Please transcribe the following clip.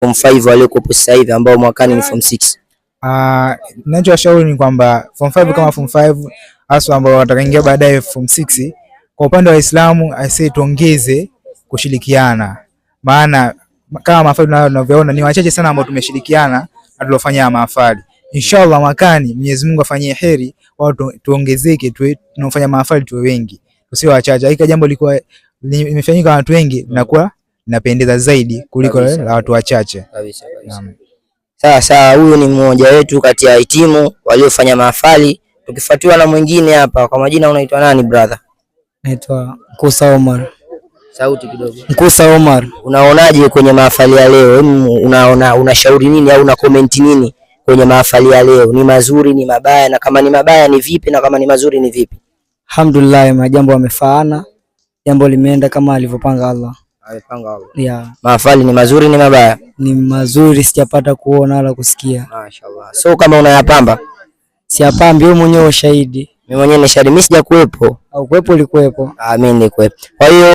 form 5 waliokuwepo sasa hivi ambao mwakani ni form 6? Ah, ninachoshauri ni kwamba form 5 kama form 5 hasa ambao watakaingia baadaye form 6, kwa upande wa Waislamu aisee, tuongeze kushirikiana, maana kama mahafali tunavyoona ni wachache sana ambao tumeshirikiana na tulofanya mahafali. Inshallah mwakani Mwenyezi Mungu afanyie heri wao, tuongezeke tuwe tunafanya mahafali tuwe wengi, tusiwe wachache. Hiki jambo lilikuwa limefanyika watu wengi, linakuwa linapendeza zaidi kuliko la watu wachache. Sawa sawa, huyu ni mmoja wetu kati ya hitimu waliofanya mahafali, tukifuatiwa na mwingine hapa. Kwa majina unaitwa nani brother? Naitwa Mkusa Omar. Sauti kidogo. Mkusa Omar, unaonaje kwenye mahafali ya leo? Unaona, unashauri nini au una comment nini kwenye mahafali ya leo? Ni mazuri, ni mabaya, na kama ni mabaya ni vipi, na kama ni mazuri ni vipi? Alhamdulillah, majambo yamefaana, jambo limeenda kama alivyopanga Allah. Yeah. Mahafali ni mazuri ni mabaya? Ni mazuri, sijapata kuona wala kusikia. Mashaallah. So kama unayapamba? Siyapambi, wewe mwenyewe ushahidi. Mimi mwenyewe ni shahidi, mimi sijakuwepo. Au kuwepo ulikuwepo? Ah, mimi nilikuwepo. Kwa hiyo